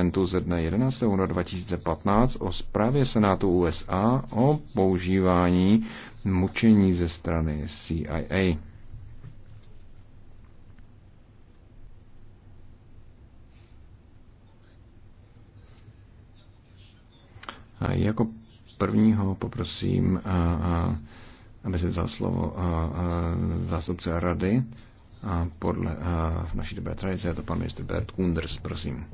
dokumentu ze dne 11. února 2015 o zprávě Senátu USA o používání mučení ze strany CIA. A jako prvního poprosím, a, a, aby se vzal slovo a, a, zástupce rady. A podle a, v naší dobré tradice je to pan ministr Bert Kunders, prosím.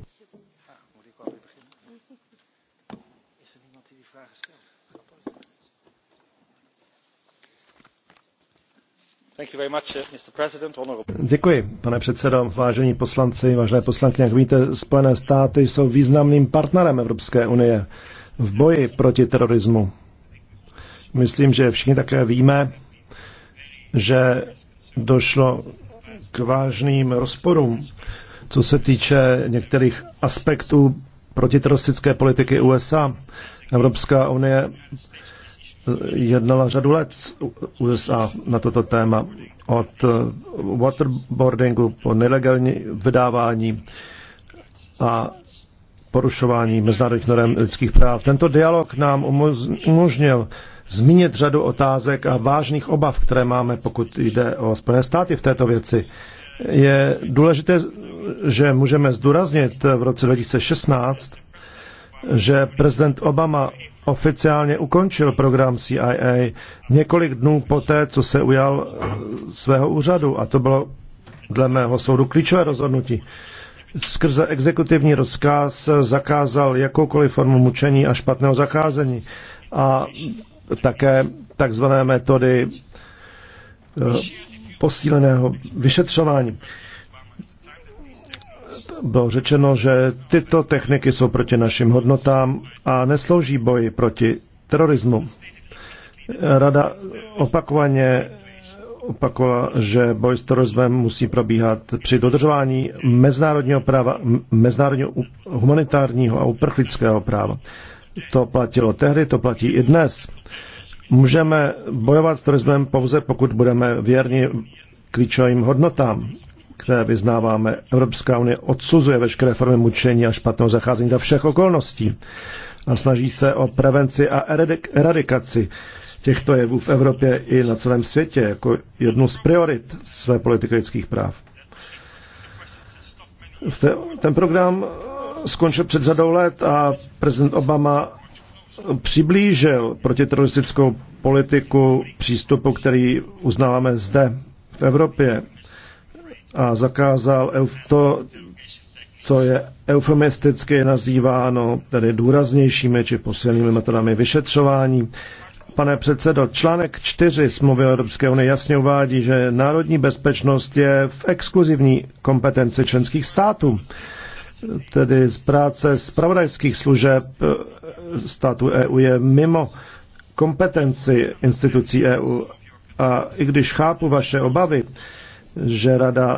Uh, Děkuji, pane předsedo, vážení poslanci, vážené poslankyně. Jak víte, Spojené státy jsou významným partnerem Evropské unie v boji proti terorismu. Myslím, že všichni také víme, že došlo k vážným rozporům, co se týče některých aspektů protiteroristické politiky USA. Evropská unie jednala řadu let z USA na toto téma. Od eh, waterboardingu po nelegální vydávání a porušování mezinárodních norm lidských práv. Tento dialog nám umožnil zmínit řadu otázek a vážných obav, které máme, pokud jde o Spojené státy v této věci. Je důležité, že můžeme zdůraznit v roce 2016, že prezident Obama oficiálně ukončil program CIA několik dnů poté, co se ujal eh, svého úřadu. A to bylo dle mého soudu klíčové rozhodnutí. Skrze exekutivní rozkaz zakázal jakoukoliv formu mučení a špatného zacházení. A také takzvané metody eh, posíleného vyšetřování bylo řečeno, že tyto techniky jsou proti našim hodnotám a neslouží boji proti terorismu. Rada opakovaně opakovala, že boj s terorismem musí probíhat při dodržování mezinárodního práva, mezinárodního humanitárního a uprchlického práva. To platilo tehdy, to platí i dnes. Můžeme bojovat s terorismem pouze, pokud budeme věrni klíčovým hodnotám které vyznáváme. Evropská unie odsuzuje veškeré formy mučení a špatného zacházení za všech okolností a snaží se o prevenci a eradikaci těchto jevů v Evropě i na celém světě jako jednu z priorit své politiky lidských práv. Ten program skončil před řadou let a prezident Obama přiblížil protiteroristickou politiku přístupu, který uznáváme zde v Evropě a zakázal to, co je eufemisticky nazýváno, tedy důraznějšími či posilnými metodami vyšetřování. Pane předsedo, článek 4 smlouvy Evropské unie jasně uvádí, že národní bezpečnost je v exkluzivní kompetenci členských států. Tedy z práce zpravodajských služeb eh, států EU je mimo kompetenci institucí EU. A i když chápu vaše obavy, že rada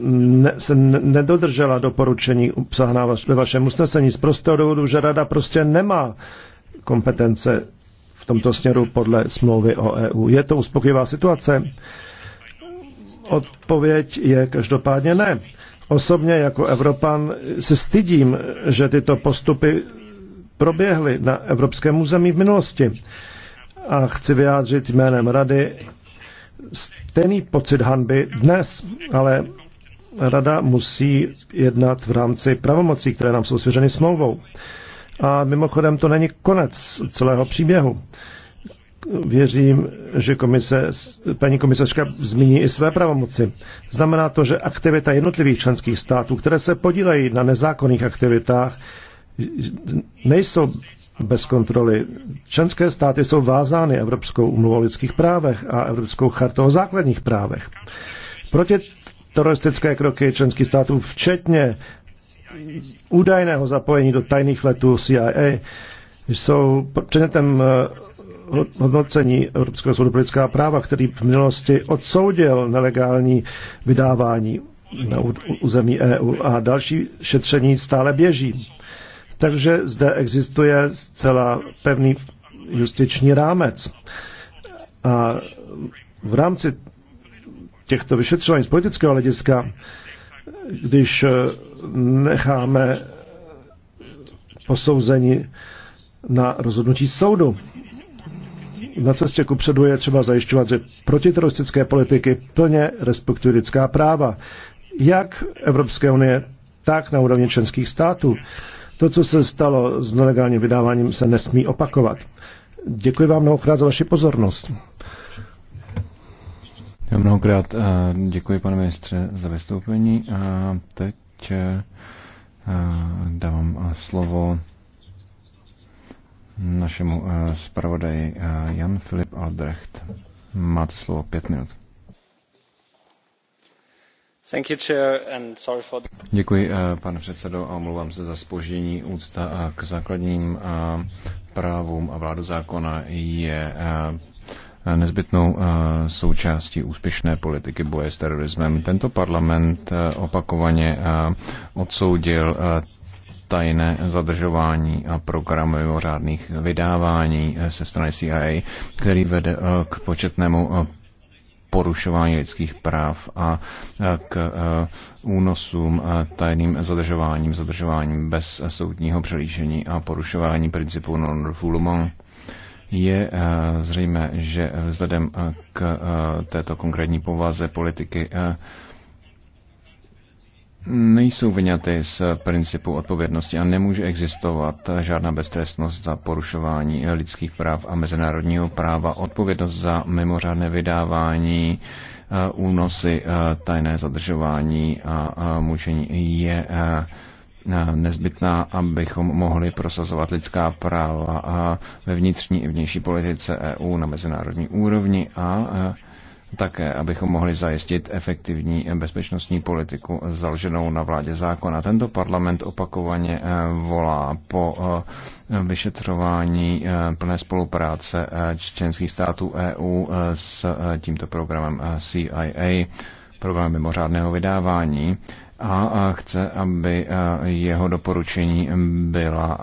ne, se nedodržela doporučení obsahná ve vašem usnesení z prostého důvodu, že rada prostě nemá kompetence v tomto směru podle smlouvy o EU. Je to uspokojivá situace? Odpověď je každopádně ne. Osobně jako Evropan se stydím, že tyto postupy proběhly na evropském území v minulosti. A chci vyjádřit jménem Rady stejný pocit hanby dnes, ale rada musí jednat v rámci pravomocí, které nám jsou svěřeny smlouvou. A mimochodem to není konec celého příběhu. Věřím, že komise, paní komisařka zmíní i své pravomoci. Znamená to, že aktivita jednotlivých členských států, které se podílejí na nezákonných aktivitách, nejsou bez kontroly. Členské státy jsou vázány Evropskou umluvou o lidských právech a Evropskou chartou o základních právech. Proti teroristické kroky členských států, včetně údajného zapojení do tajných letů CIA, jsou předmětem eh, hodnocení Evropského soudu pro lidská práva, který v minulosti odsoudil nelegální vydávání na území EU a další šetření stále běží. Takže zde existuje zcela pevný justiční rámec. A v rámci těchto vyšetřování z politického hlediska, když eh, necháme posouzení na rozhodnutí soudu. Na cestě ku předu je třeba zajišťovat, že protiteroristické politiky plně respektují lidská práva, jak Evropské unie, tak na úrovni členských států. To, co se stalo s nelegálním vydáváním, se nesmí opakovat. Děkuji vám mnohokrát za vaši pozornost. Já mnohokrát eh, děkuji, pane ministře, za vystoupení a teď eh, eh, dávám slovo našemu zpravodaji Jan Filip Albrecht. Máte slovo pět minut. Děkuji, eh, pane předsedo, a omlouvám se za zpoždění. Úcta eh, k základním eh, právům a vládu zákona je nezbytnou součástí úspěšné politiky boje s terorismem. Tento parlament opakovaně odsoudil tajné zadržování a program mimořádných vydávání se strany CIA, který vede k početnému porušování lidských práv a k e, únosům, tajným zadržováním, zadržováním bez soudního přelížení a porušování principu non-refoulement je e, zřejmé, že vzhledem e, k této konkrétní povaze politiky nejsou vyňaty z principu odpovědnosti a nemůže existovat žádná beztrestnost za porušování lidských práv a mezinárodního práva, odpovědnost za mimořádné vydávání, eh, únosy, eh, tajné zadržování a mučení je eh, nezbytná, abychom mohli prosazovat lidská práva ve vnitřní i vnější politice EU na mezinárodní úrovni a také, abychom mohli zajistit efektivní bezpečnostní politiku založenou na vládě zákona. Tento parlament opakovaně eh, volá po eh, vyšetřování eh, plné spolupráce členských států EU s tímto programem CIA, program mimořádného vydávání a chce, aby jeho doporučení byla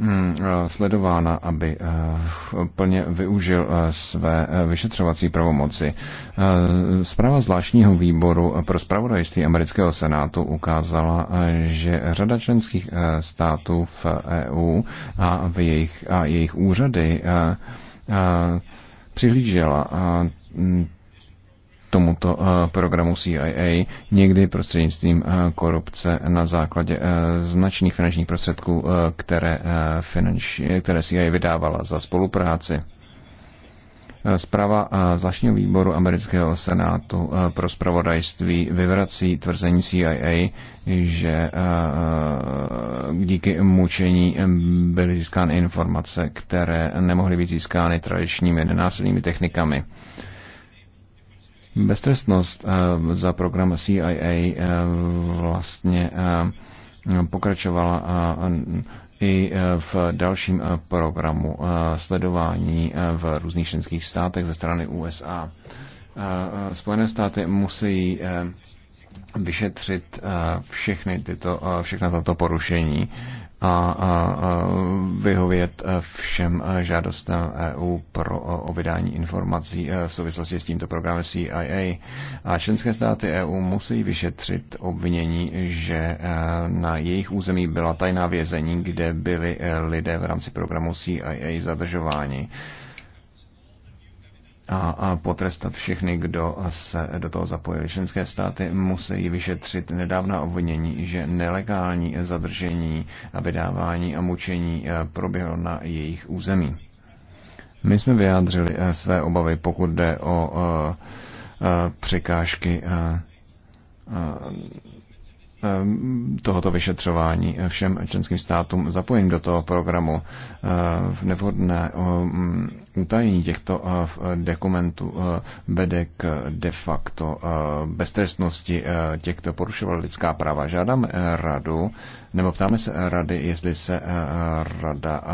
Hmm, eh, sledována, aby eh, plně využil eh, své vyšetřovací pravomoci. Zpráva zvláštního výboru pro spravodajství amerického senátu ukázala, že řada členských států v EU a, v jejich, a jejich úřady přihlížela tomuto eh, programu CIA, někdy prostřednictvím eh, korupce na základě eh, značných finančních prostředků, které, finanč, které CIA vydávala za spolupráci. Zpráva zvláštního výboru amerického senátu pro spravodajství vyvrací tvrzení CIA, že díky mučení byly získány informace, které nemohly být získány tradičními nenásilnými technikami. Beztrestnost eh, za program CIA eh, vlastně eh, pokračovala i v dalším programu sledování v různých členských státech ze strany USA. Spojené státy musí vyšetřit všechny tyto, všechna tato porušení a, a, a vyhovět eh, všem eh, žádostem EU pro o vydání informací eh, v souvislosti s tímto programem CIA. A členské státy EU musí vyšetřit obvinění, že na jejich území byla tajná vězení, kde byli lidé v rámci programu CIA zadržováni a, a potrestat všechny, kdo se do toho zapojili. Členské státy musí vyšetřit nedávna obvinění, že nelegální zadržení a vydávání a mučení e, proběhlo na jejich území. My jsme vyjádřili e, své obavy, pokud jde o e, překážky Eh, tohoto vyšetřování všem členským státům zapojím do toho programu eh, v nevhodné eh, utajení těchto dokumentů vede k de facto beztrestnosti těch, kdo porušoval lidská práva. žádám radu, nebo ptáme se rady, jestli se rada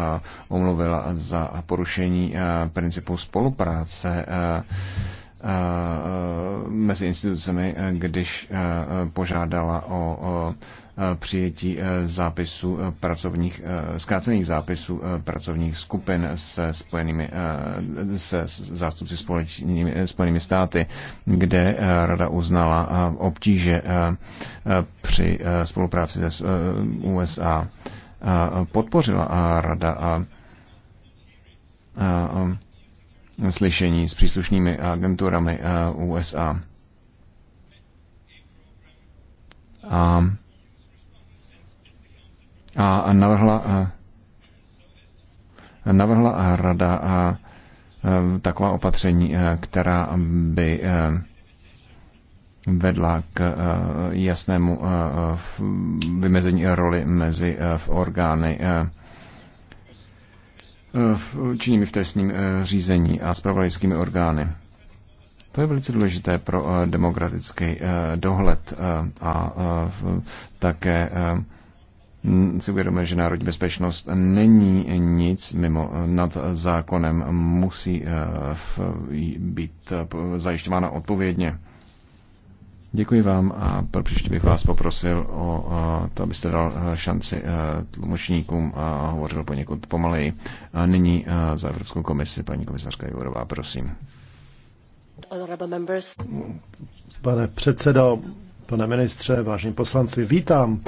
omluvila za porušení principu spolupráce Eh, eh, mezi institucemi, eh, když požádala o přijetí zápisu pracovních, zkrácených zápisů pracovních skupin se spojenými, se zástupci společnými, spojenými státy, kde Rada uznala obtíže při spolupráci se USA. Podpořila Rada a slyšení s příslušnými agenturami eh, USA. A, a navrhla, eh, navrhla rada a eh, taková opatření, která by vedla k jasnému vymezení roli mezi orgány Eh, činnými v trestním eh, řízení a spravodajskými orgány. To je velice důležité pro eh, demokratický dohled a také si uvědomuje, že národní bezpečnost není nic mimo nad zákonem, musí být zajišťována odpovědně. Děkuji vám a pro příště bych vás poprosil o to, abyste dal eh, šanci eh, tlumočníkům a hovořil poněkud pomaleji. A nyní eh, za Evropskou komisi paní komisařka Jourová, prosím. Pane předsedo, pane ministře, vážení poslanci, vítám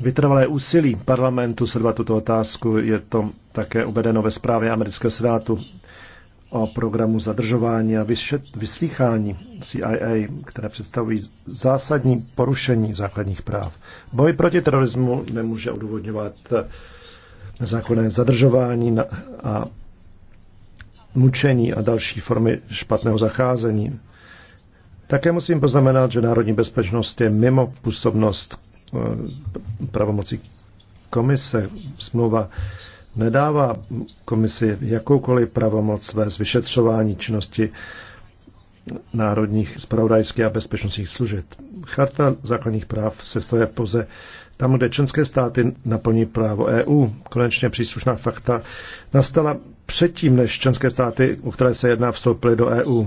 vytrvalé úsilí parlamentu sledovat tuto otázku. Je to také uvedeno ve zprávě amerického senátu o programu zadržování a vyslýchání CIA, které představují zásadní porušení základních práv. Boj proti terorismu nemůže odůvodňovat nezákonné zadržování a mučení a další formy špatného zacházení. Také musím poznamenat, že národní bezpečnost je mimo působnost eh, pravomocí komise. Smlouva nedává komisi jakoukoliv pravomoc ve zvyšetřování činnosti národních spravodajských a bezpečnostních služeb. Charta základních práv se vstavuje pouze tam, kde členské státy naplní právo EU. Konečně příslušná fakta nastala předtím, než členské státy, o které se jedná, vstoupily do EU.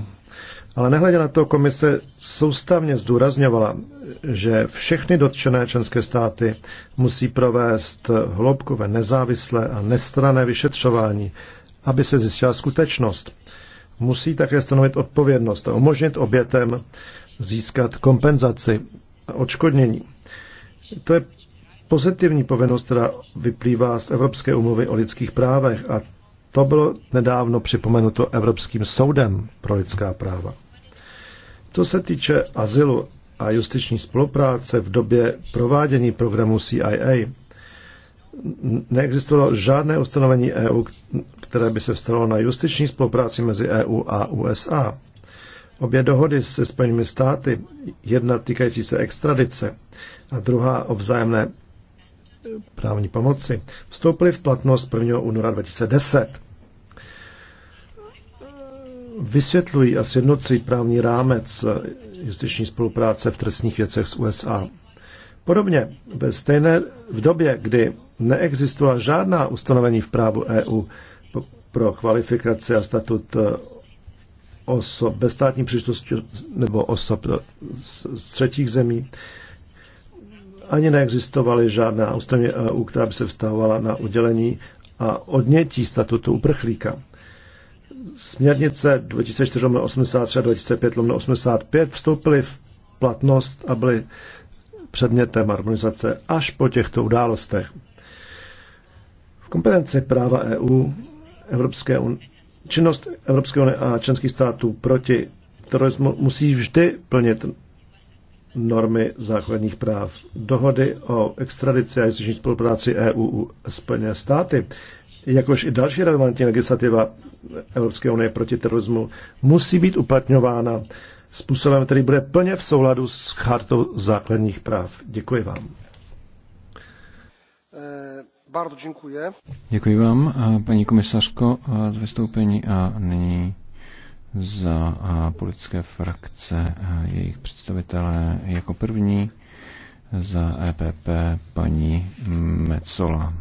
Ale nehledě na to, komise soustavně zdůrazňovala, že všechny dotčené členské státy musí provést hloubkové, nezávislé a nestrané vyšetřování, aby se zjistila skutečnost. Musí také stanovit odpovědnost a umožnit obětem získat kompenzaci a odškodnění. To je pozitivní povinnost, která vyplývá z Evropské umluvy o lidských právech a to bylo nedávno připomenuto Evropským soudem pro lidská práva. Co se týče azylu a justiční spolupráce v době provádění programu CIA, neexistovalo žádné ustanovení EU, které by se vstalo na justiční spolupráci mezi EU a USA. Obě dohody se Spojenými státy, jedna týkající se extradice a druhá o vzájemné právní pomoci, vstoupily v platnost 1. února 2010 vysvětlují a sjednocují právní rámec justiční spolupráce v trestních věcech s USA. Podobně ve stejné v době, kdy neexistovala žádná ustanovení v právu EU pro kvalifikaci a statut eh, osob bez státní příslušnosti nebo osob eh, z třetích zemí, ani neexistovaly žádná ustanovení EU, která by se vztahovala na udělení a odnětí statutu uprchlíka. Směrnice 2004-83 a 2005-85 vstoupily v platnost a byly předmětem harmonizace až po těchto událostech. V kompetenci práva EU Evropské un... činnost Evropské unie a členských států proti terorismu musí vždy plnit normy základních práv. Dohody o extradici a justiční spolupráci EU u Spojené státy, jakož i další relevantní legislativa Evropské unie proti terorismu musí být uplatňována způsobem, který bude plně v souladu s chartou základních práv. Děkuji vám. Eh, Děkuji vám, eh, paní komisařko, eh, za vystoupení a nyní za politické frakce jejich představitelé jako první za EPP paní Mecola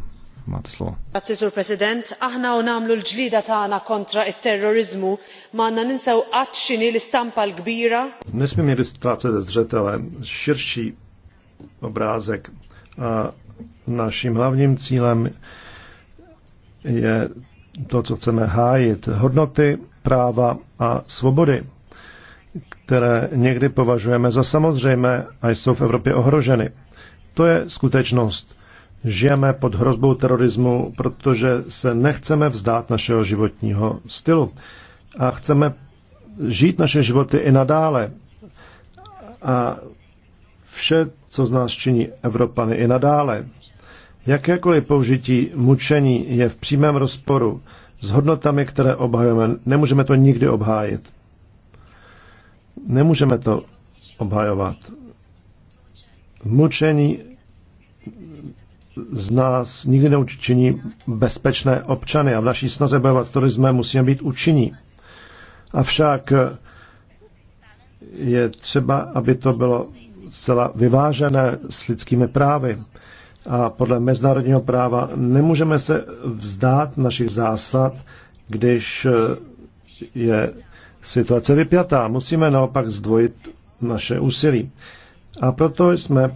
máte slovo. Sur President, aħna u namlu l-ġlida tagħna kontra it-terrorizmu ma għandna ninsew qatt x'inhi l-istampa l-kbira. Nesmíme ztrácet ze zřetele širší obrázek. A naším hlavním cílem je to, co chceme hájit. Hodnoty, práva a svobody, které někdy považujeme za samozřejmé a jsou v Evropě ohroženy. To je skutečnost. Žijeme pod hrozbou terorismu, protože se nechceme vzdát našeho životního stylu a chceme žít naše životy i nadále. A vše, co z nás činí Evropany i nadále. Jakékoliv použití mučení je v přímém rozporu s hodnotami, které obhajujeme. Nemůžeme to nikdy obhájit. Nemůžeme to obhajovat. Mučení z nás nikdy neučiní bezpečné občany a v naší snaze bojovat s terorismem musíme být učiní. Avšak eh, je třeba, aby to bylo zcela vyvážené s lidskými právy. A podle mezinárodního práva nemůžeme se vzdát našich zásad, když eh, je situace vypjatá. Musíme naopak zdvojit naše úsilí. A proto jsme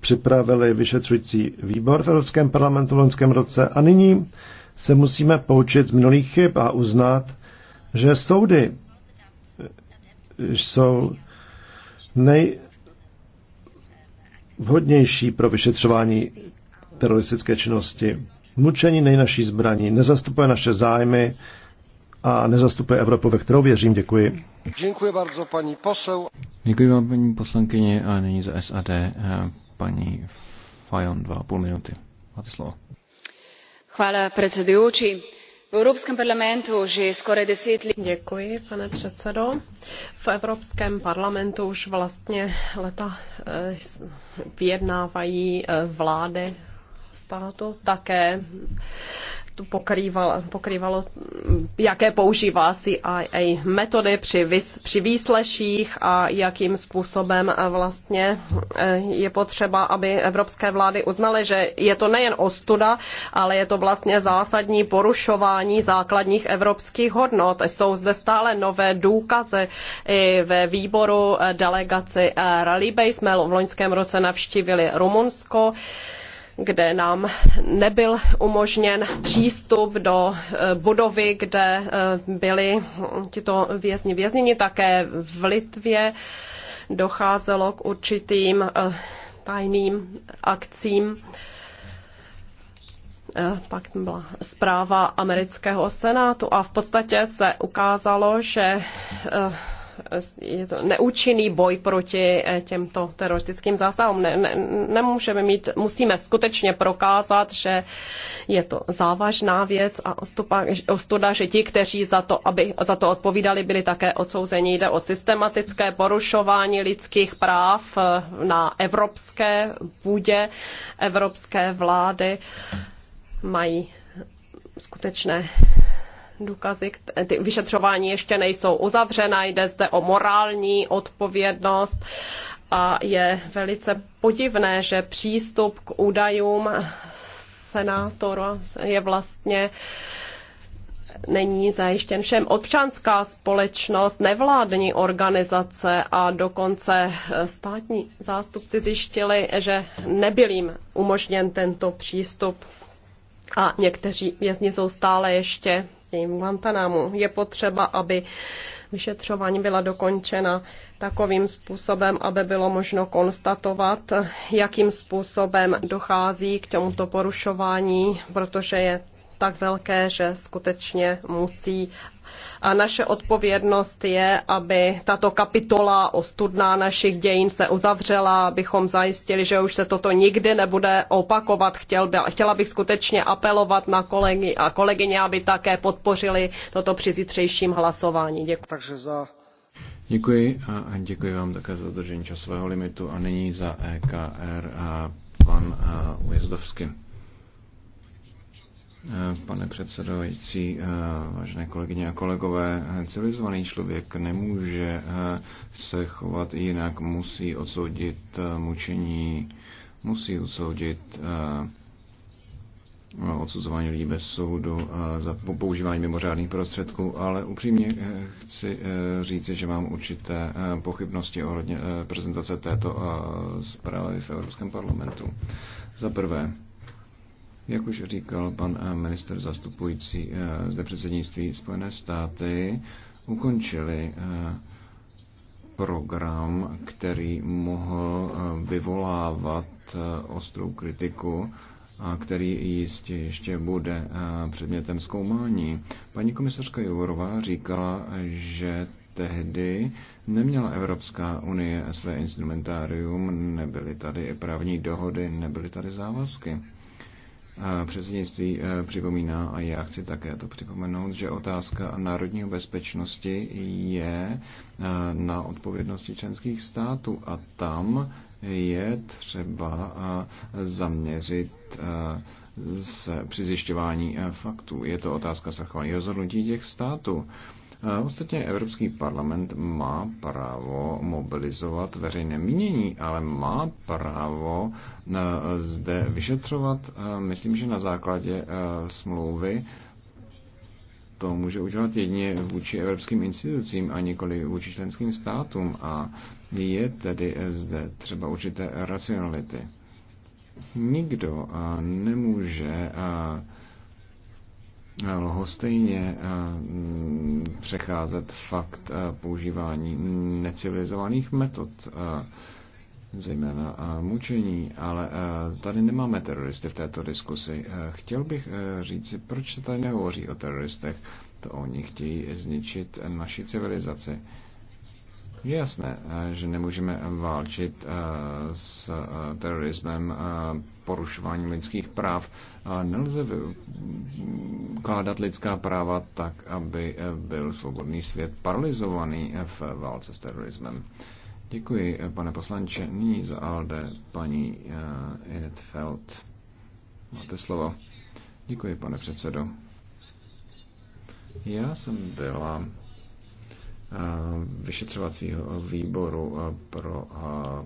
připravili vyšetřující výbor v Evropském parlamentu v loňském roce a nyní se musíme poučit z minulých chyb a uznat, že soudy jsou nejvhodnější pro vyšetřování teroristické činnosti. Mučení nejnaší zbraní, nezastupuje naše zájmy a nezastupuje Evropu, ve kterou věřím. Děkuji. Děkuji bardzo, paní posel. Děkuji vám, paní poslankyně, a nyní za SAD eh, paní Fajon, dva a půl minuty. Máte slovo. Chvála predsedující. V Evropském parlamentu že skoro deset let... Děkuji, pane předsedo. V Evropském parlamentu už vlastně leta eh, vyjednávají eh, vlády státu také tu pokrýval, pokrývalo, jaké používá CIA metody při, vys, při výsleších a jakým způsobem vlastně eh, je potřeba, aby evropské vlády uznaly, že je to nejen ostuda, ale je to vlastně zásadní porušování základních evropských hodnot. Jsou zde stále nové důkazy i ve výboru eh, delegaci eh, Rally Base. Jsme v loňském roce navštívili Rumunsko kde nám nebyl umožněn přístup do eh, budovy, kde eh, byli hm, tito vězni vězněni. Také v Litvě docházelo k určitým eh, tajným akcím. Pak byla zpráva amerického senátu a v podstatě se ukázalo, že je to neúčinný boj proti eh, těmto teroristickým zásahům. Ne, ne, nemůžeme mít, musíme skutečně prokázat, že je to závažná věc a ostupa, ostuda, že ti, kteří za to, aby za to odpovídali, byli také odsouzeni. Jde o systematické porušování lidských práv eh, na evropské půdě, evropské vlády mají skutečné důkazy, ty vyšetřování ještě nejsou uzavřena, jde zde o morální odpovědnost a je velice podivné, že přístup k údajům senátora je vlastně není zajištěn všem. Občanská společnost, nevládní organizace a dokonce státní zástupci zjištili, že nebyl jim umožněn tento přístup a někteří vězni jsou stále ještě tím Guantanamo. Je potřeba, aby vyšetřování byla dokončena takovým způsobem, aby bylo možno konstatovat, jakým způsobem dochází k tomuto porušování, protože je tak velké, že skutečně musí. A naše odpovědnost je, aby tato kapitola ostudná našich dějin se uzavřela, abychom zajistili, že už se toto nikdy nebude opakovat. Chtěl by, chtěla bych skutečně apelovat na kolegy a kolegyně, aby také podpořili toto při zítřejším hlasování. Děkuji. Takže za Děkuji a děkuji vám také za dodržení časového limitu a nyní za EKR a pan Ujezdovský. Eh, pane předsedající, eh, vážené kolegyně a kolegové, eh, civilizovaný člověk nemůže se chovat jinak, musí odsoudit mučení, musí odsoudit no, odsuzování lidí bez soudu za používání mimořádných prostředků, ale upřímně chci říct, že mám určité pochybnosti ohledně prezentace této zprávy v Evropském parlamentu. Za prvé, jak už říkal pan eh, minister zastupující eh, zde předsednictví Spojené státy, ukončili eh, program, který mohl vyvolávat ostrou kritiku a který jistě ještě bude předmětem zkoumání. Paní komisařka Jourová říkala, že tehdy neměla Evropská unie své instrumentárium, nebyly tady právní dohody, nebyly tady závazky předsednictví e, připomíná, a já chci také to připomenout, že otázka národního bezpečnosti je e, na odpovědnosti členských států a tam je třeba e, zaměřit se při zjišťování faktů. Je to otázka zachování rozhodnutí těch států. Ostatně Evropský parlament má právo mobilizovat veřejné mínění, ale má právo eh, zde vyšetřovat, eh, myslím, že na základě eh, smlouvy to může udělat jedině vůči evropským institucím a nikoli vůči členským státům a je tedy zde třeba určité racionality. Nikdo nemůže lhostejně eh, přecházet fakt eh, používání necivilizovaných metod, eh, zejména mučení, ale tady nemáme teroristy v této diskusi. Chtěl bych říci, proč se tady nehovoří o teroristech. To oni chtějí zničit naši civilizaci. Je jasné, eh, že nemůžeme válčit eh, s eh, terorismem, porušováním lidských práv. Nelze kládat lidská práva tak, aby byl svobodný svět paralizovaný v válce s terorismem. Děkuji, pane poslanče. Nyní za ALDE paní Edith Feld. Máte slovo. Děkuji, pane předsedo. Já jsem byla Eh, vyšetřovacího výboru eh, pro eh,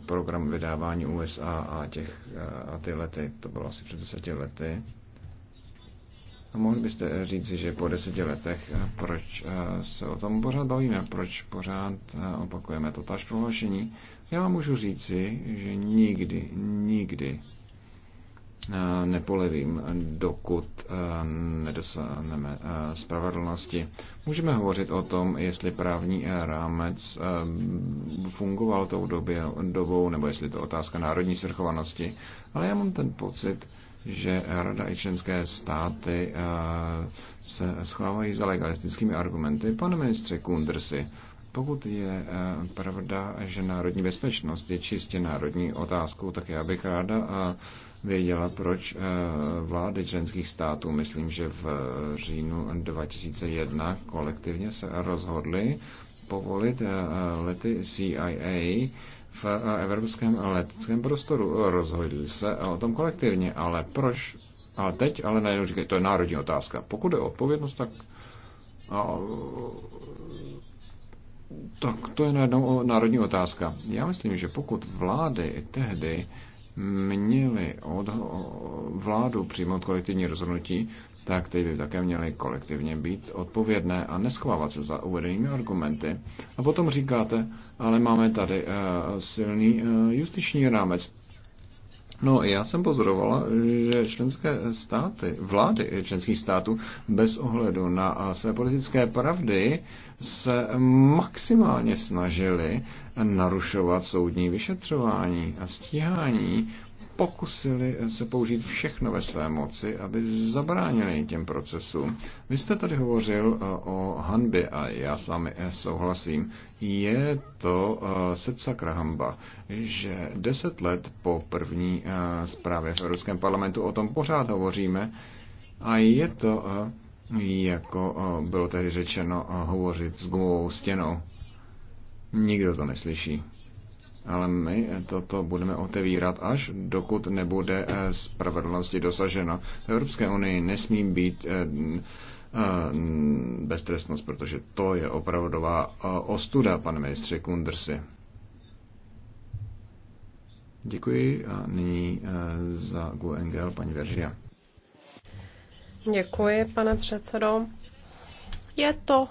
program vydávání USA a, těch, a ty lety, to bylo asi před deseti lety. A mohli byste říci, že po deseti letech, proč se o tom pořád bavíme, proč pořád opakujeme to táž prohlášení? Já vám můžu říci, že nikdy, nikdy Eh, nepolevím, dokud eh, nedosáhneme eh, spravedlnosti. Můžeme hovořit o tom, jestli právní rámec fungoval tou době, dobou, nebo jestli to otázka národní svrchovanosti, ale já mám ten pocit, že Rada i členské státy se schovávají za legalistickými argumenty. Pane ministře Kundersi, pokud je eh, pravda, že národní bezpečnost je čistě národní otázkou, tak já bych ráda eh, věděla, proč eh, vlády členských států, myslím, že v říjnu 2001 kolektivně se rozhodly povolit lety CIA v evropském leteckém prostoru. Rozhodli se o tom kolektivně, ale proč? Ale teď, ale najednou říkají, to je národní otázka. Pokud je odpovědnost, tak tak to je najednou národní otázka. Já myslím, že pokud vlády tehdy měly od vládu přijmout kolektivní rozhodnutí, tak teď by také měly kolektivně být odpovědné a neschovávat se za uvedenými argumenty. A potom říkáte, ale máme tady uh, silný uh, justiční rámec. No, já jsem pozorovala, že členské státy, vlády členských států, bez ohledu na své politické pravdy, se maximálně snažily narušovat soudní vyšetřování a stíhání pokusili se použít všechno ve své moci, aby zabránili těm procesům. Vy jste tady hovořil eh, o hanbě a já sami eh, souhlasím. Je to eh, secakra hamba, že deset let po první zprávě v Evropském parlamentu o tom pořád hovoříme a je to, jako bylo tady řečeno, hovořit s gumovou stěnou. Nikdo to neslyší ale my toto budeme otevírat, až dokud nebude eh, spravedlnosti dosaženo. V Evropské unii nesmí být eh, eh, beztrestnost, protože to je opravdová ostuda, pane ministře Kundersi. Děkuji a nyní za GUNGL paní Veržia. Děkuji, pane předsedo. Je to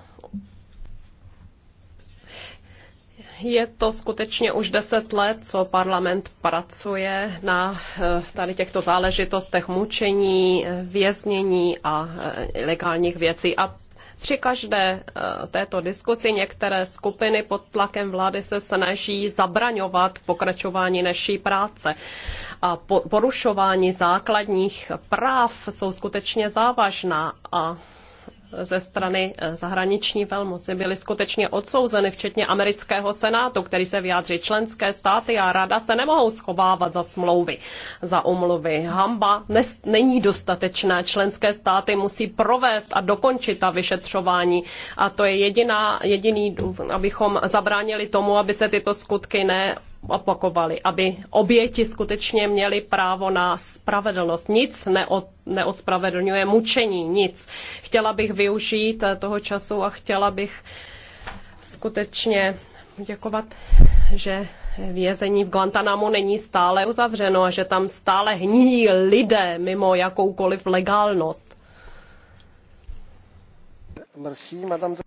je to skutečně už deset let, co parlament pracuje na eh, tady těchto záležitostech mučení, eh, věznění a eh, ilegálních věcí. A při každé této diskusi některé skupiny pod tlakem vlády se snaží zabraňovat pokračování naší práce. A porušování základních práv jsou skutečně závažná a ze strany eh, zahraniční velmoci byly skutečně odsouzeny, včetně amerického senátu, který se vyjádří členské státy a rada se nemohou schovávat za smlouvy, za umluvy. Hamba nes, není dostatečná. Členské státy musí provést a dokončit ta vyšetřování a to je jediná, jediný důvod, abychom zabránili tomu, aby se tyto skutky ne opakovali, aby oběti skutečně měli právo na spravedlnost. Nic neo, neospravedlňuje mučení, nic. Chtěla bych využít toho času a chtěla bych skutečně děkovat, že vězení v Guantanamo není stále uzavřeno a že tam stále hníjí lidé mimo jakoukoliv legálnost.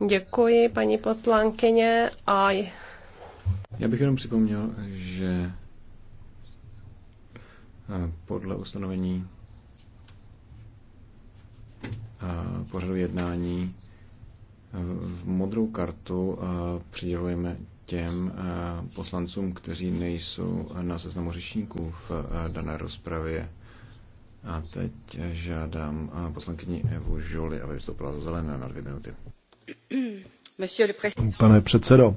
Děkuji, paní poslankyně. A já bych jenom připomněl, že eh, podle ustanovení eh, pořadu jednání eh, v modrou kartu přidělujeme těm poslancům, kteří nejsou na seznamu řečníků v dané rozpravě. A teď žádám poslankyni Evu Žoli, aby vystoupila za zelené na dvě minuty. Pane předsedo,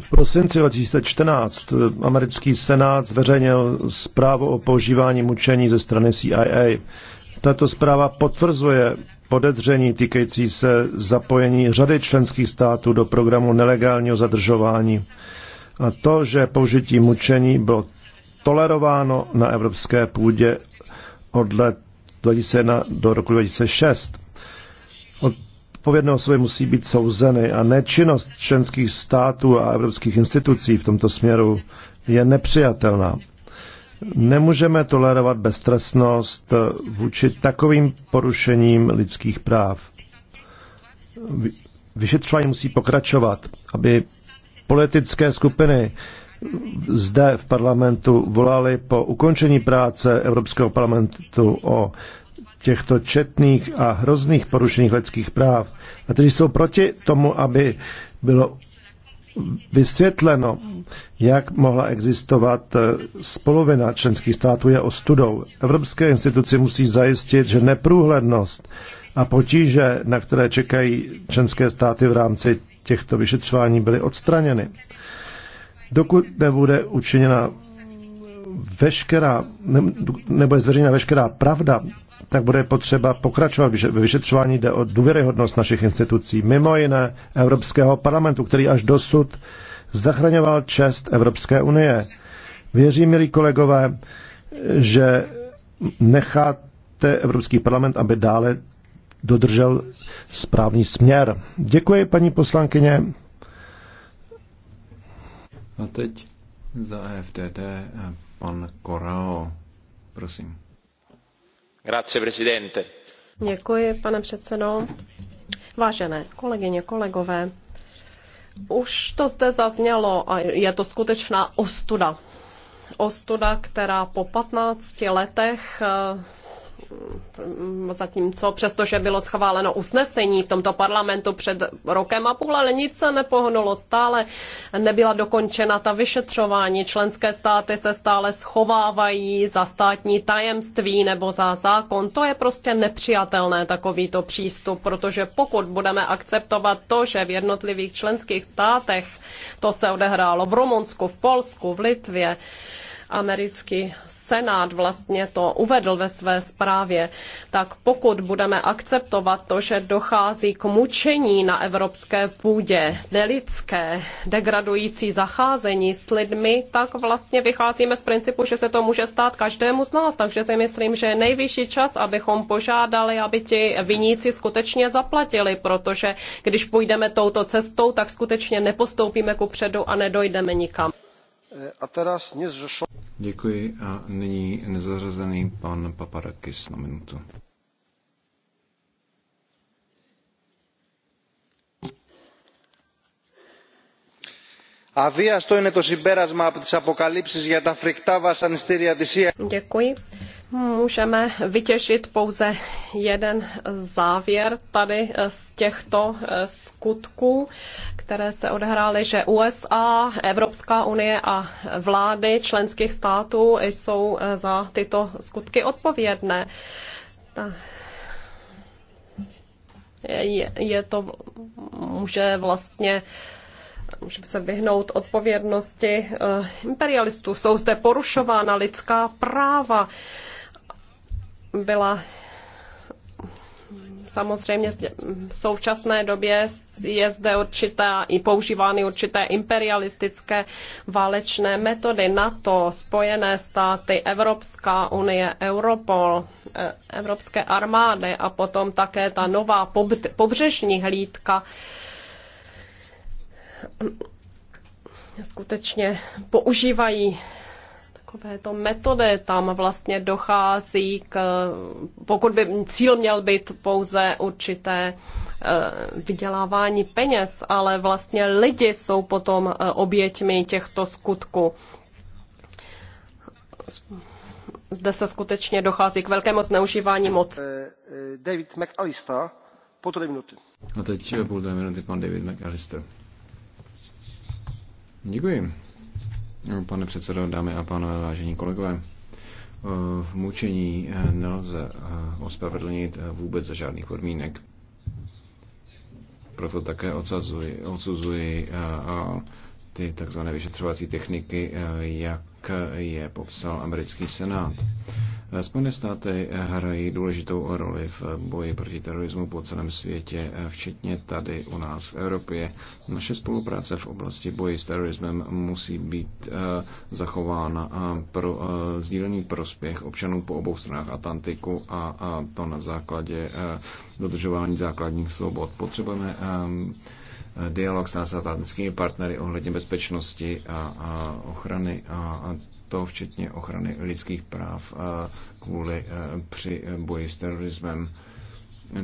v prosinci 2014 americký senát zveřejnil zprávu o používání mučení ze strany CIA. Tato zpráva potvrzuje podezření týkající se zapojení řady členských států do programu nelegálního zadržování a to, že použití mučení bylo tolerováno na evropské půdě od let 2001 do roku 2006 odpovědné osoby musí být souzeny a nečinnost členských států a evropských institucí v tomto směru je nepřijatelná. Nemůžeme tolerovat beztrestnost vůči takovým porušením lidských práv. Vyšetřování musí pokračovat, aby politické skupiny zde v parlamentu volali po ukončení práce Evropského parlamentu o těchto četných a hrozných porušených lidských práv a kteří jsou proti tomu, aby bylo vysvětleno, jak mohla existovat eh, spolovina členských států je ostudou. Evropské instituce musí zajistit, že neprůhlednost a potíže, na které čekají členské státy v rámci těchto vyšetřování, byly odstraněny. Dokud nebude učiněna veškerá, nebo je zveřejněna veškerá pravda, tak bude potřeba pokračovat ve vyšetřování, jde o důvěryhodnost našich institucí, mimo jiné Evropského parlamentu, který až dosud zachraňoval čest Evropské unie. Věřím, milí kolegové, že necháte Evropský parlament, aby dále dodržel správný směr. Děkuji, paní poslankyně. A teď za FDD eh, pan Korao, prosím. Děkuji, pane předsedající. Vážené kolegyně, kolegové, už to zde zaznělo a je to skutečná ostuda. Ostuda, která po 15 letech eh, Mm, zatímco přestože bylo schváleno usnesení v tomto parlamentu před rokem a půl, ale nic se nepohnulo stále, nebyla dokončena ta vyšetřování, členské státy se stále schovávají za státní tajemství nebo za zákon. To je prostě nepřijatelné takovýto přístup, protože pokud budeme akceptovat to, že v jednotlivých členských státech to se odehrálo v Rumunsku, v Polsku, v Litvě, americký senát vlastně to uvedl ve své zprávě, tak pokud budeme akceptovat to, že dochází k mučení na evropské půdě, nelidské, degradující zacházení s lidmi, tak vlastně vycházíme z principu, že se to může stát každému z nás. Takže si myslím, že je nejvyšší čas, abychom požádali, aby ti viníci skutečně zaplatili, protože když půjdeme touto cestou, tak skutečně nepostoupíme ku předu a nedojdeme nikam. A teraz nezřešený. Děkuji a nyní nezařazený pan Paparakis na minutu. Αβίαστο είναι το συμπέρασμα από τις αποκαλύψεις για τα φρικτά βασανιστήρια της Děkuji můžeme vytěžit pouze jeden závěr tady eh, z těchto eh, skutků, které se odehrály, že USA, Evropská unie a vlády členských států jsou eh, za tyto skutky odpovědné. Je, to, může vlastně můžeme se vyhnout odpovědnosti imperialistů. Jsou zde porušována lidská práva byla samozřejmě v současné době je zde určitá i používány určité imperialistické válečné metody NATO, Spojené státy, Evropská unie, Europol, eh, Evropské armády a potom také ta nová pobřežní hlídka skutečně používají takovéto metody. Tam vlastně dochází k, pokud by cíl měl být pouze určité eh, vydělávání peněz, ale vlastně lidi jsou potom eh, oběťmi těchto skutků zde se skutečně dochází k velkému zneužívání moci. Eh, David McAllister, po tři minuty. A teď půl minuty pan David McAllister. Děkuji. Pane předsedo, dámy a pánové, vážení kolegové, v mučení nelze eh, ospravedlnit eh, vůbec za žádných podmínek. Proto také odsazuji, odsuzuji eh, ty takzvané vyšetřovací techniky, jak je popsal americký senát. Spojené státy hrají důležitou roli v boji proti terorismu po celém světě, včetně tady u nás v Evropě. Naše spolupráce v oblasti boji s terorismem musí být eh, zachována eh, pro eh, sdílený prospěch občanů po obou stranách Atlantiku a to na základě dodržování základních svobod. Potřebujeme dialog s nás partnery ohledně bezpečnosti a, ochrany a to včetně ochrany lidských práv kvůli e, při boji s terorismem.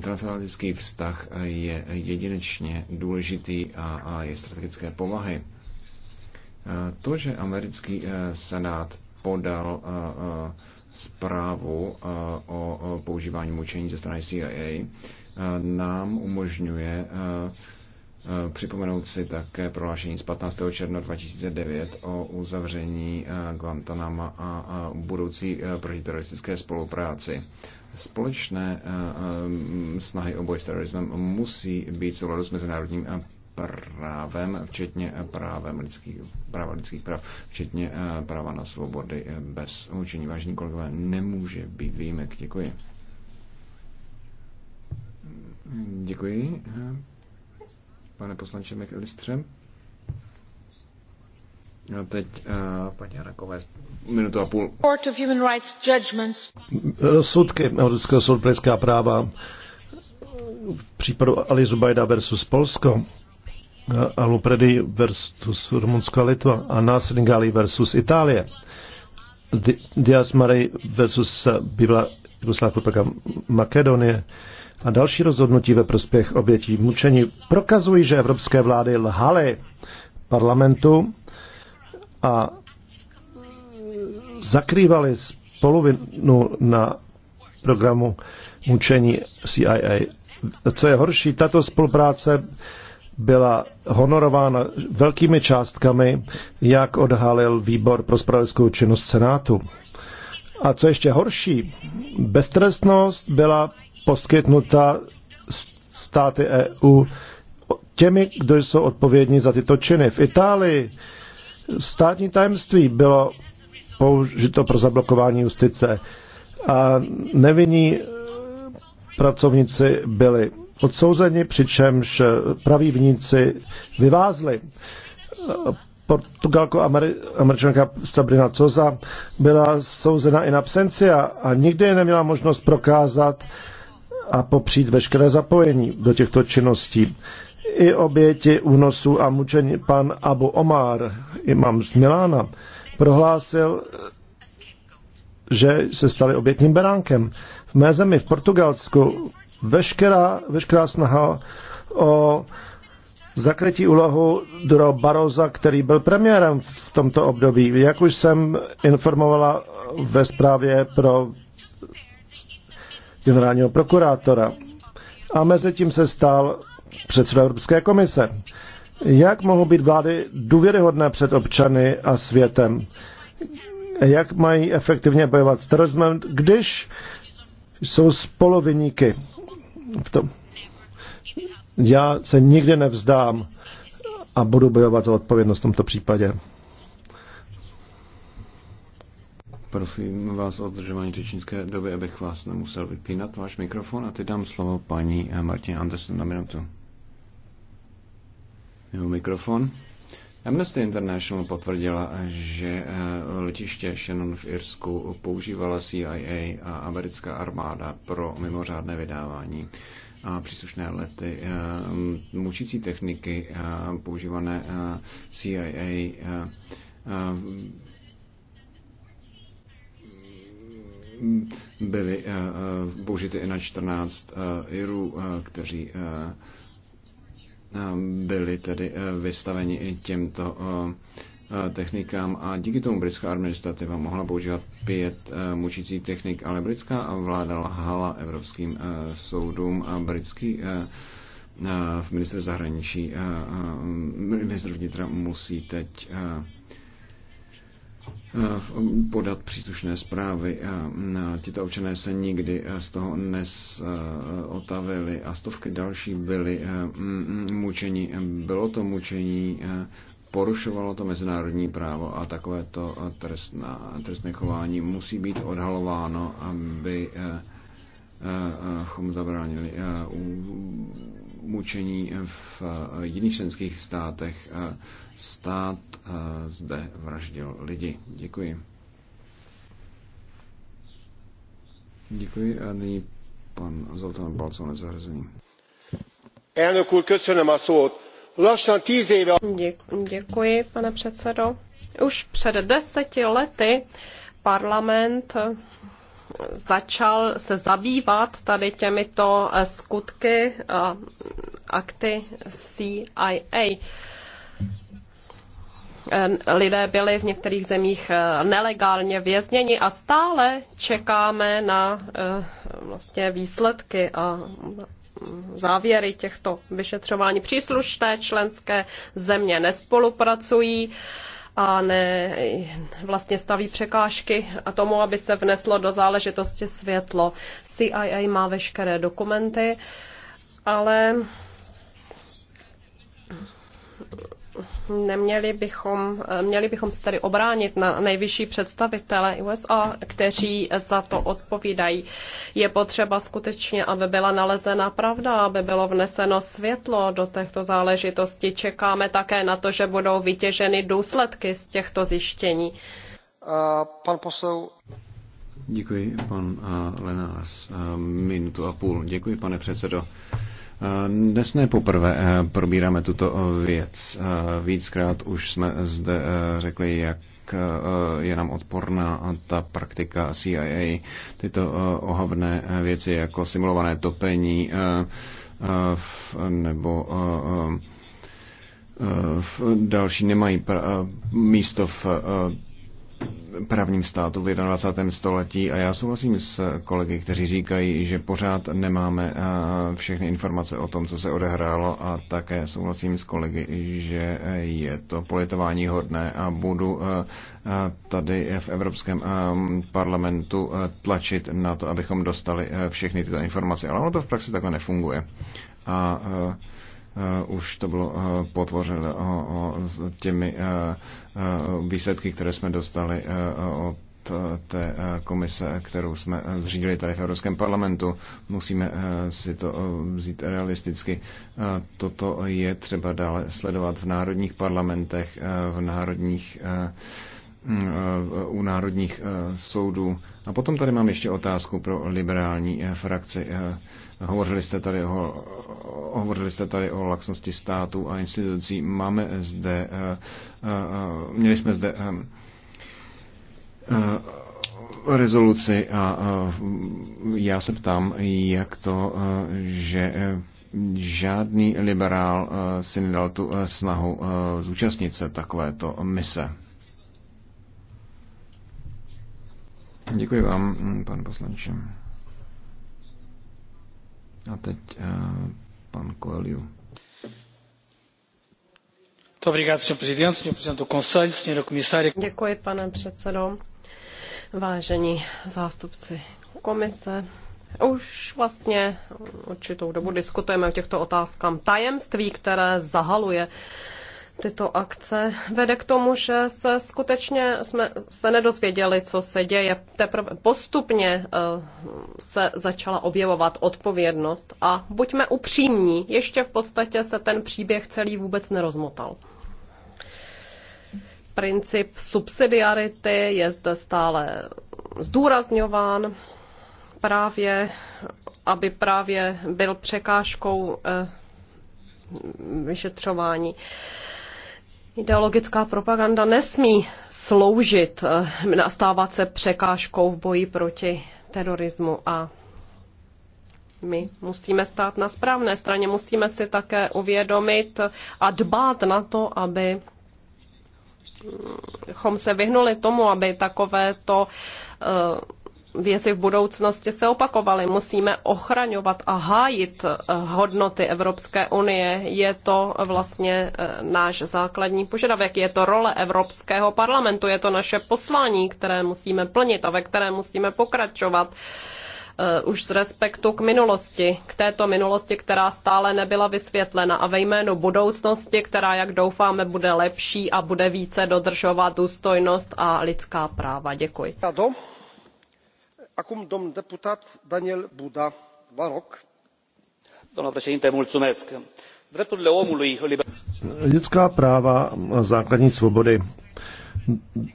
Transatlantický vztah je jedinečně důležitý a je strategické povahy. E, to, že americký e, senát podal zprávu o používání mučení ze strany CIA, nám umožňuje Eh, připomenout si také prohlášení z 15. června 2009 o uzavření eh, Guantanama a budoucí eh, protiteroristické spolupráci. Společné snahy o boj s terorismem musí být souladu s mezinárodním právem, včetně právem lidských, práva lidských práv, včetně práva na svobody bez učení. Vážení kolegové, nemůže být výjimek. Děkuji. Děkuji pane poslanče McAllistře. A teď uh, paní Arakové, minutu a půl. Court of Human Rights Judgments. Rozsudky Evropského soudu pro lidská práva v případu Ali Zubajda versus Polsko, eh, Alupredi versus Rumunsko a Litva a Násringali versus Itálie. Diaz Marej versus bývalá Jugoslávka Makedonie a další rozhodnutí ve prospěch obětí mučení prokazují, že evropské vlády lhaly parlamentu a zakrývali spoluvinu na programu mučení CIA. Co je horší, tato spolupráce byla honorována velkými částkami, jak odhalil výbor pro spravedlskou činnost Senátu. A co ještě horší, beztrestnost byla poskytnuta státy EU těmi, kdo jsou odpovědní za tyto činy. V Itálii státní tajemství bylo použito pro zablokování justice a nevinní pracovníci byli odsouzeni, přičemž praví vníci vyvázli. Portugalko Ameri- američanka Sabrina Coza byla souzena i na absentia a nikdy neměla možnost prokázat, a popřít veškeré zapojení do těchto činností. I oběti únosu a mučení pan Abu Omar, imam z Milána, prohlásil, že se stali obětním beránkem. V mé zemi, v Portugalsku, veškerá, veškerá snaha o zakrytí úlohu Duro Baroza, který byl premiérem v tomto období. Jak už jsem informovala ve zprávě pro generálního prokurátora. A mezi tím se stal předseda Evropské komise. Jak mohou být vlády důvěryhodné před občany a světem? Jak mají efektivně bojovat s terorismem, když jsou spoloviníky? v tom? Já se nikdy nevzdám a budu bojovat za odpovědnost v tomto případě. Prosím vás o dodržování řečnické doby, abych vás nemusel vypínat váš mikrofon a teď dám slovo paní eh, Martin Andersen na minutu. Jeho mikrofon. Amnesty International potvrdila, že eh, letiště Shannon v Irsku používala CIA a americká armáda pro mimořádné vydávání a příslušné lety. Eh, mučící techniky používané CIA byly eh, eh, použity i na 14 eh, Irů, kteří byli tedy vystaveni i těmto technikám a díky tomu britská administrativa mohla používat pět mučících technik, ale britská vláda lhala evropským soudům a britský v minister zahraničí, minister vnitra musí teď Eh, podat příslušné zprávy. Tito občané se nikdy eh, z toho nesotavili eh, a stovky další byly mm, mučení. Bylo to mučení, porušovalo to mezinárodní právo a takovéto trestná, trestné chování musí být odhalováno, aby chom zabránili mučení v eh, jiných členských státech eh, stát eh, zde vraždil lidi. Děkuji. Děkuji a nyní pan Zoltán Balcon nezařazený. Elnök köszönöm a szót. Lassan tíz éve... Děkuji, pane předsedo. Už před deseti lety parlament začal se zabývat tady těmito eh, skutky eh, a akty eh, CIA. Lidé byli v některých zemích nelegálně vězněni a stále čekáme na vlastně výsledky a závěry těchto vyšetřování. Příslušné členské země nespolupracují a ne, vlastně staví překážky a tomu, aby se vneslo do záležitosti světlo. CIA má veškeré dokumenty, ale neměli bychom, měli bychom se tady obránit na nejvyšší představitele USA, kteří za to odpovídají. Je potřeba skutečně, aby byla nalezena pravda, aby bylo vneseno světlo do těchto záležitostí. Čekáme také na to, že budou vytěženy důsledky z těchto zjištění. Uh, pan posel. Děkuji, pan uh, Lenář. Uh, minutu a půl. Děkuji, pane předsedo. Uh, dnes ne poprvé eh, probíráme tuto eh, věc. Eh, víckrát už jsme zde řekli, jak je nám odporná ta praktika CIA. Tyto ohavné věci jako simulované topení nebo další nemají místo v právním státu v 21. století a já souhlasím s kolegy, kteří říkají, že pořád nemáme eh, všechny informace o tom, co se odehrálo a také souhlasím s kolegy, že je to politování hodné a budu eh, eh, tady v Evropském parlamentu tlačit na to, abychom dostali všechny tyto informace, ale ono to v praxi takhle nefunguje. A Eh, už to bylo eh, potvořeno eh, těmi výsledky, které jsme dostali od té komise, kterou jsme zřídili tady v Evropském parlamentu. Musíme si to vzít realisticky. Toto je třeba dále sledovat v národních parlamentech, v národních Mm, eh, u národních eh, soudů. A potom tady mám ještě otázku pro liberální eh, frakci. Hovořili jste tady o, hovořili jste tady o laxnosti státu a institucí. Máme zde, měli jsme zde rezoluci a já se ptám, jak to, že žádný liberál si nedal tu snahu zúčastnit se takovéto mise. Děkuji vám, mm, pan poslanče. A teď eh, pan Koeliu. Děkuji, pane předsedo. Vážení zástupci komise, už vlastně určitou dobu diskutujeme o těchto otázkách tajemství, které zahaluje uh, tyto akce vede k tomu, že se skutečně jsme se nedozvěděli, co se děje. Teprve postupně eh, se začala objevovat odpovědnost a buďme upřímní, ještě v podstatě se ten příběh celý vůbec nerozmotal. Princip subsidiarity je zde stále zdůrazňován právě, aby právě byl překážkou eh, vyšetřování. Ideologická propaganda nesmí sloužit, eh, nastávat se překážkou v boji proti terorismu a my musíme stát na správné straně, musíme si také uvědomit a dbát na to, aby mm, chom se vyhnuli tomu, aby takovéto eh, věci v budoucnosti se opakovaly. Musíme ochraňovat a hájit eh, hodnoty Evropské unie. Je to vlastně eh, náš základní požadavek, je to role Evropského parlamentu, je to naše poslání, které musíme plnit a ve kterém musíme pokračovat eh, už z respektu k minulosti, k této minulosti, která stále nebyla vysvětlena a ve jménu budoucnosti, která, jak doufáme, bude lepší a bude více dodržovat důstojnost a lidská práva. Děkuji domnule președinte drepturile omului lidská práva základní svobody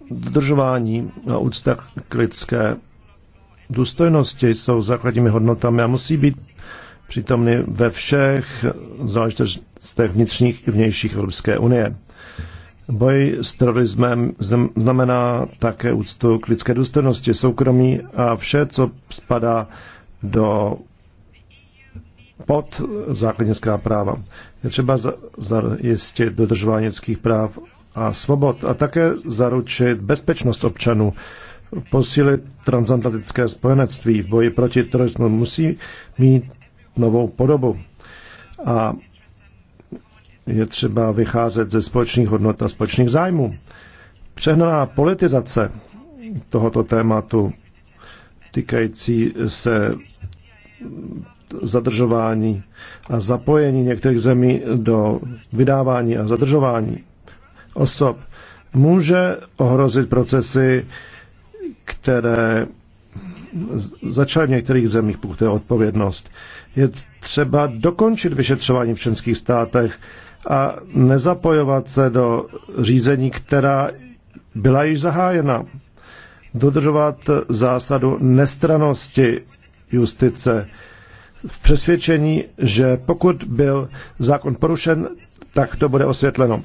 dodržování a úcta k lidské důstojnosti jsou základními hodnotami a musí být přítomny ve všech záležitostech vnitřních i vnějších Evropské unie. Boj s terorismem znamená také úctu k lidské důstojnosti, soukromí a vše, co spadá do pod základnická práva. Je třeba zajistit dodržování lidských práv a svobod a také zaručit bezpečnost občanů, posílit transatlantické spojenectví v boji proti terorismu musí mít novou podobu. A je třeba vycházet ze společných hodnot a společných zájmů. Přehnaná politizace tohoto tématu týkající se zadržování a zapojení některých zemí do vydávání a zadržování osob může ohrozit procesy, které začaly v některých zemích, pokud je odpovědnost. Je třeba dokončit vyšetřování v členských státech a nezapojovat se do řízení, která byla již zahájena. Dodržovat zásadu nestranosti justice v přesvědčení, že pokud byl zákon porušen, tak to bude osvětleno.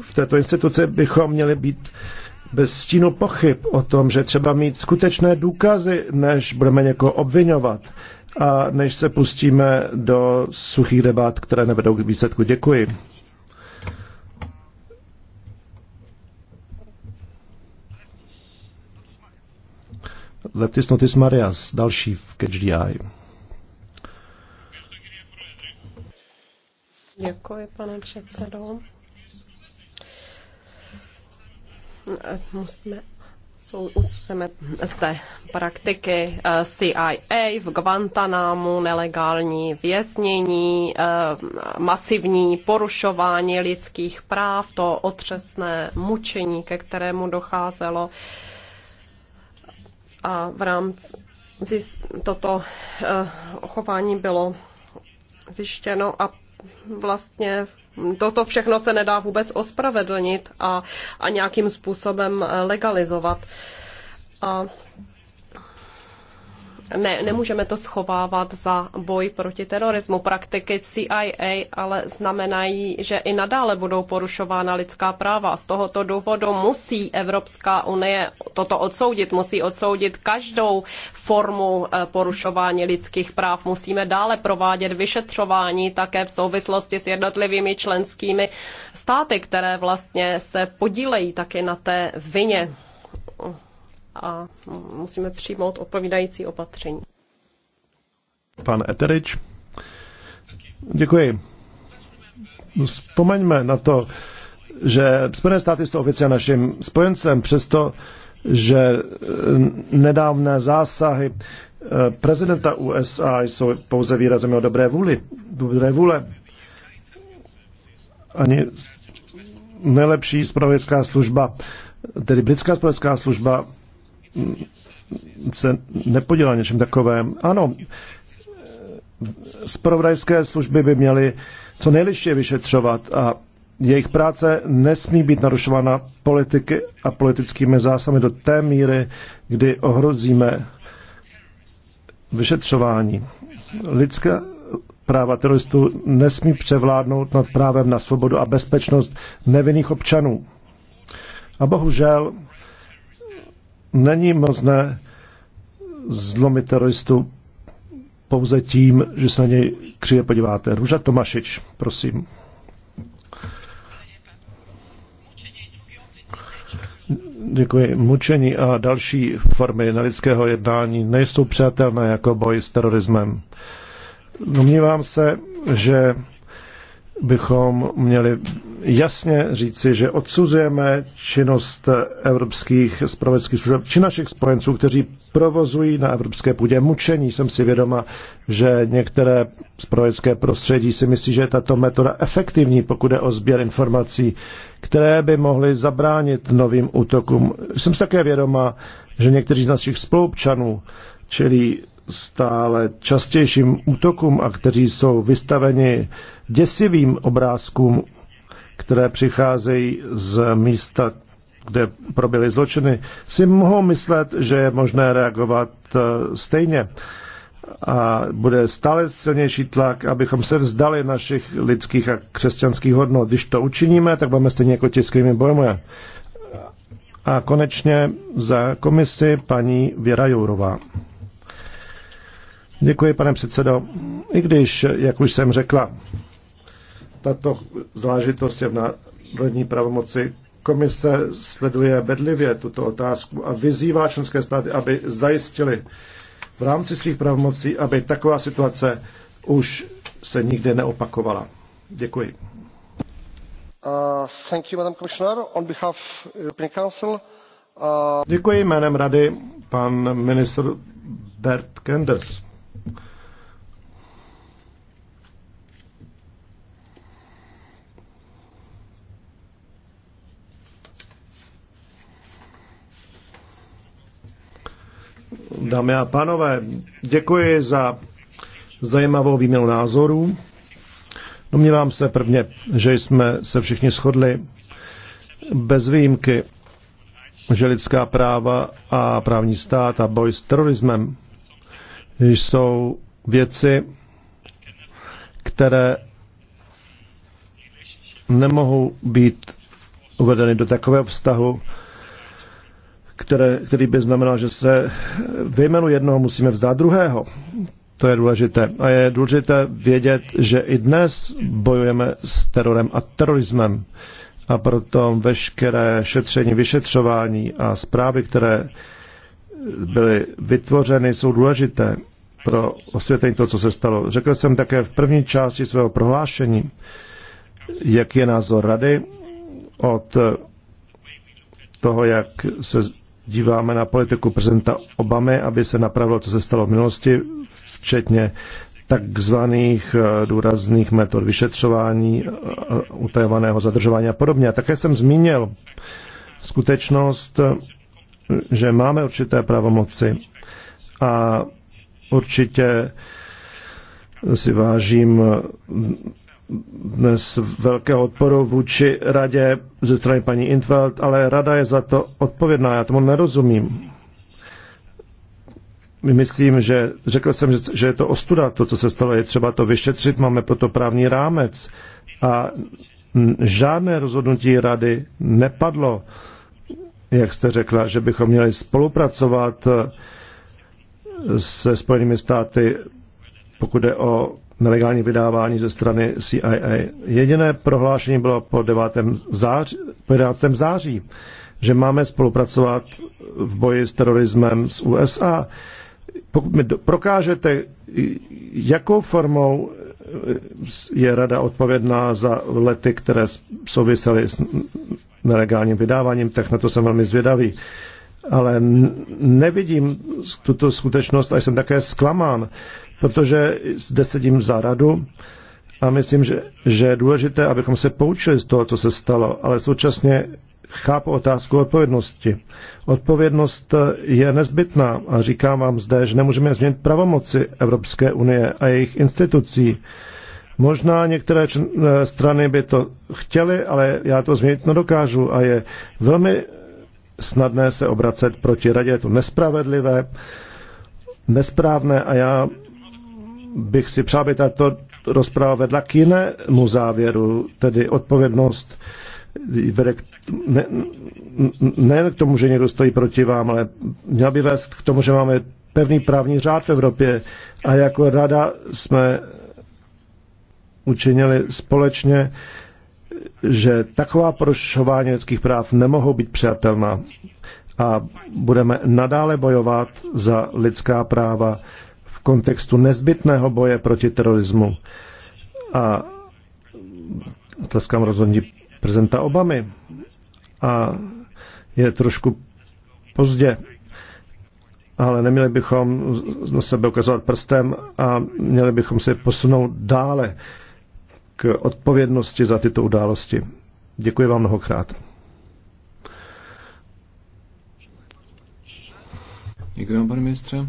V této instituci bychom měli být bez stínu pochyb o tom, že třeba mít skutečné důkazy, než budeme někoho obvinovat a než se pustíme do suchých debat, které nevedou k výsledku. Děkuji. Leptis Notis Marias, další v CatchDI. Děkuji, pane předsedo. Musíme jsou z zde praktiky eh, CIA v Guantanámu, nelegální věznění, eh, masivní porušování lidských práv, to otřesné mučení, ke kterému docházelo. A v rámci toto eh, chování bylo zjištěno a vlastně toto všechno se nedá vůbec ospravedlnit a, a nějakým způsobem legalizovat. A ne, nemůžeme to schovávat za boj proti terorismu. Praktiky CIA ale znamenají, že i nadále budou porušována lidská práva. Z tohoto důvodu musí Evropská unie toto odsoudit, musí odsoudit každou formu eh, porušování lidských práv. Musíme dále provádět vyšetřování také v souvislosti s jednotlivými členskými státy, které vlastně se podílejí také na té vině a musíme přijmout odpovídající opatření. Pan Eterič. Děkuji. Vzpomeňme na to, že Spojené státy jsou oficiálně naším spojencem, přesto, že eh, nedávné zásahy eh, prezidenta USA jsou pouze výrazem o dobré vůli. Dobré vůle. Ani nejlepší spravodajská služba, tedy britská spravodajská služba, se nepodělal něčem takovém. Ano, spravodajské služby by měly co nejliště vyšetřovat a jejich práce nesmí být narušována politiky a politickými zásahy do té míry, kdy ohrozíme vyšetřování. Lidská práva teroristů nesmí převládnout nad právem na svobodu a bezpečnost nevinných občanů. A bohužel Není možné zlomit teroristu pouze tím, že se na něj křivě podíváte. Růža Tomašič, prosím. Děkuji. Mučení a další formy nelidského jednání nejsou přijatelné jako boj s terorismem. Domnívám se, že bychom měli jasně říci, že odsuzujeme činnost evropských spravedlských služeb či našich spojenců, kteří provozují na evropské půdě mučení. Jsem si vědoma, že některé zpravodajské prostředí si myslí, že je tato metoda efektivní, pokud je o sběr informací, které by mohly zabránit novým útokům. Jsem si také vědoma, že někteří z našich spolupčanů čelí stále častějším útokům a kteří jsou vystaveni děsivým obrázkům které přicházejí z místa, kde proběhly zločiny, si mohou myslet, že je možné reagovat eh, stejně. A bude stále silnější tlak, abychom se vzdali našich lidských a křesťanských hodnot. Když to učiníme, tak budeme stejně jako ti, s kterými bojujeme. A konečně za komisi paní Věra Jourová. Děkuji, pane předsedo. I když, jak už jsem řekla, tato záležitost je v národní pravomoci. Komise sleduje bedlivě tuto otázku a vyzývá členské státy, aby zajistili v rámci svých pravomocí, aby taková situace už se nikdy neopakovala. Děkuji. Uh, thank you, Madam On behalf European Council, uh... Děkuji jménem rady pan ministr Bert Kenders. Dámy a pánové, děkuji za zajímavou výměnu názorů. Domnívám se prvně, že jsme se všichni shodli bez výjimky, že lidská práva a právní stát a boj s terorismem jsou věci, které nemohou být uvedeny do takového vztahu, které, který by znamenal, že se jménu jednoho musíme vzdát druhého. To je důležité. A je důležité vědět, že i dnes bojujeme s terorem a terorismem. A proto veškeré šetření, vyšetřování a zprávy, které byly vytvořeny, jsou důležité pro osvětlení toho, co se stalo. Řekl jsem také v první části svého prohlášení, jak je názor rady od toho, jak se díváme na politiku prezidenta Obamy, aby se napravilo, co se stalo v minulosti, včetně takzvaných eh, důrazných metod vyšetřování, eh, eh, utajovaného zadržování a podobně. A také jsem zmínil skutečnost, že máme určité pravomoci a určitě si vážím dnes velkého odporu vůči radě ze strany paní Intveld, ale rada je za to odpovědná, já tomu nerozumím. Myslím, že řekl jsem, že, že je to ostuda, to, co se stalo, je třeba to vyšetřit, máme proto právní rámec a žádné rozhodnutí rady nepadlo, jak jste řekla, že bychom měli spolupracovat se Spojenými státy, pokud je o nelegální vydávání ze strany CIA. Jediné prohlášení bylo po 9. září, po 11. září, že máme spolupracovat v boji s terorismem s USA. Pokud mi prokážete, jakou formou eh, je rada odpovědná za lety, které souvisely s nelegálním vydáváním, tak na to jsem velmi zvědavý ale nevidím tuto skutečnost a jsem také zklamán, protože zde sedím za radu a myslím, že, že je důležité, abychom se poučili z toho, co se stalo, ale současně chápu otázku odpovědnosti. Odpovědnost je nezbytná a říkám vám zde, že nemůžeme změnit pravomoci Evropské unie a jejich institucí. Možná některé strany by to chtěly, ale já to změnit nedokážu a je velmi snadné se obracet proti radě. Je to nespravedlivé, nesprávné a já bych si přál, aby tato rozpráva vedla k jinému závěru, tedy odpovědnost vede k, ne, nejen k tomu, že někdo stojí proti vám, ale měl by vést k tomu, že máme pevný právní řád v Evropě a jako rada jsme učinili společně že taková porušování lidských práv nemohou být přijatelná a budeme nadále bojovat za lidská práva v kontextu nezbytného boje proti terorismu. A tleskám rozhodně prezenta Obamy. A je trošku pozdě, ale neměli bychom na sebe ukazovat prstem a měli bychom se posunout dále k odpovědnosti za tyto události. Děkuji vám mnohokrát. Děkuji vám, pane ministře,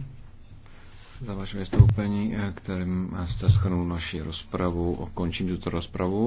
za vaše vystoupení, kterým jste schrnul naši rozpravu. Končím tuto rozpravu.